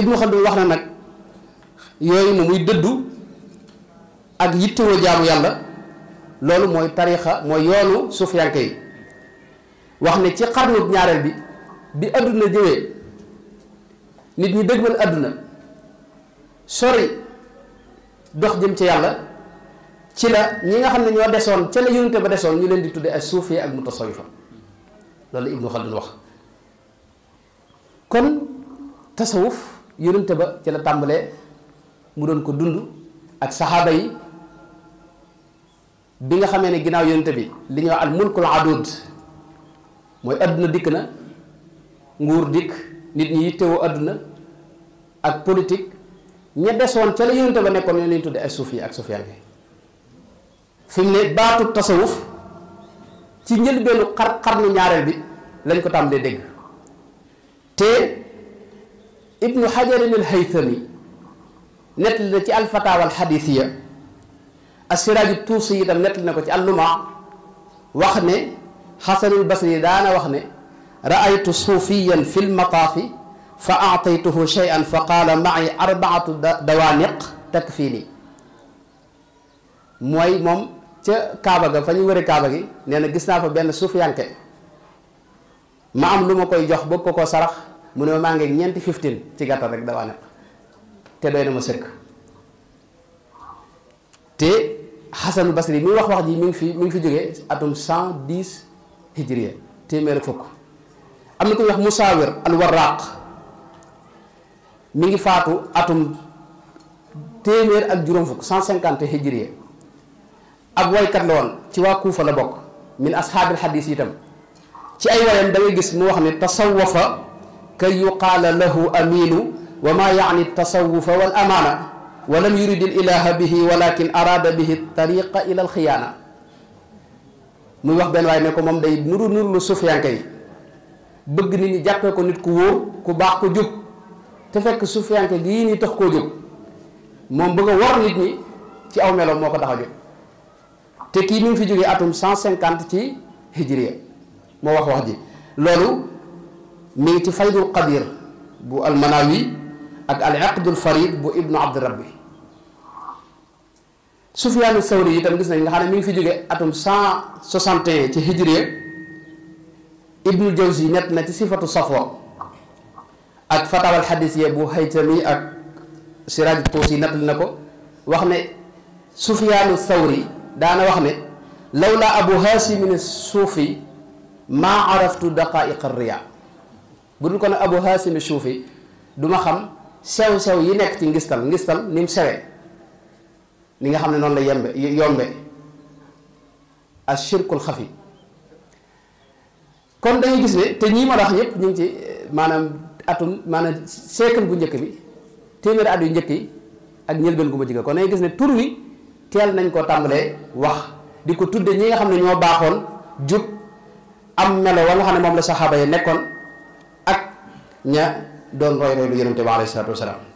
Ibnu Xaldun wax na nag yooyu na muy dëddu ak yittewoo jaamu yàlla loolu mooy tariixa mooy yoonu suufiyanke yi wax ne ci xarnu ñaareel bi bi àdduna jëwee nit ñi dëgmal àdduna sori dox jëm ci yàlla ci la ñi nga xam ne ñoo desoon ca la yonente ba desoon ñu leen di tudde ay suufi ak mutasawifa loolu Ibnu Xaldun wax kon tasawuf yonente ba ci la tàmbalee mu doon ko dund ak saxaaba yi bi nga xamee ne ginnaaw yonente bi li ñuy wax al mulkul mooy adduna dikk na nguur dikk nit ñi yittewoo àdduna ak politique ña desoon ca la yonente ba nekkoon ñoo leen tudde ay suuf yi ak suufiyaan yi fi mu ne baatu tasawuf ci njëlbeenu xar xarnu ñaareel bi lañ ko tàmbalee dégg te ibnu xajarin al haytami nettali na ci alfataawa alxadisiya asiraaju tuusi yi itam nettali na ko ci alluma wax ne xasanul basri daana wax ne raaytu suufiyan fi lmataafi fa aataytuhu cheyan fa qaala maci arbaatu dawaaniq mooy moom ca kaaba ga fa ñu wëri kaaba gi nee na gis naa fa benn suufiyanke ma am koy jox bëgg ko sarax mu ne ma maa ngi ñeenti fifteen ci gàttal rek dawaa nekk te doy na ma sëkk te xasanul basri mi wax wax ji mi ngi fi mu ngi fi jógee atum cent dix hijriya téeméer ak fukk am na ku ñuy wax musaawir al warraq mi ngi faatu atum téeméer ak juróom fukk cent cinquante hijriya ab waykat la woon ci waa Kuufa la bokk min ashaabil xadiis itam ci ay wayam da gis mu wax ne tasawafa kay yuqaala lahu amiinu wa maa yaani tasawufa wal amaana wa lam yurid il ilaha bihi walakin araada bihi tariqa ila alxiyaana muy wax benn waaye ne ko moom day nuru nuru lu sufiyanke yi bëgg nit ñi jàppee ko nit ku wóor ku baax ko jub te fekk sufiyanke gii nii tax koo jub moom bëgg a war nit ñi ci aw meloom moo ko tax a jub te kii mi fi jógee atum cinquante ci hijriya moo wax wax ji loolu mi ngi ci faydul qadir bu almanawi ak al aqdul farid bu ibnu abdirabbi sufiyaanu sawri itam gis nañ nga mi ngi fi jóge atum 161 ci hijriya ibnu jawzi net na ci sifatu safo ak fatawal xadis ya bu haytami ak siraaj tuusi nettali na ko wax ne sufiyaanu sawri daana wax ne lawla abu haasimin suufi maa araftu daqaiqa riyaa bu dul ko ne abu haasimi suufi du ma xam sew-sew yi nekk ci ngistal ngistal ni mu sewee ni nga xam ne noonu la yembe yombe ashirkul xafi kon dañuy gis ne te ñii ma wax ñëpp ñu ngi ci maanaam atum maanaam siècle bu njëkk bi téeméeri at yu njëkk yi ak ñëlbeen gu ma jege kon dañuy gis ne tur wi teel nañ koo tàmbalee wax di ko tudde ñi nga xam ne ñoo baaxoon jub am melo wala xam ne moom la saxaaba yi nekkoon ña doon roy roy lu yonente bi alayhi salaatu wasalaam